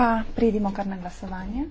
pa pridimo kar na glasovanje.